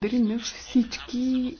благодарим на всички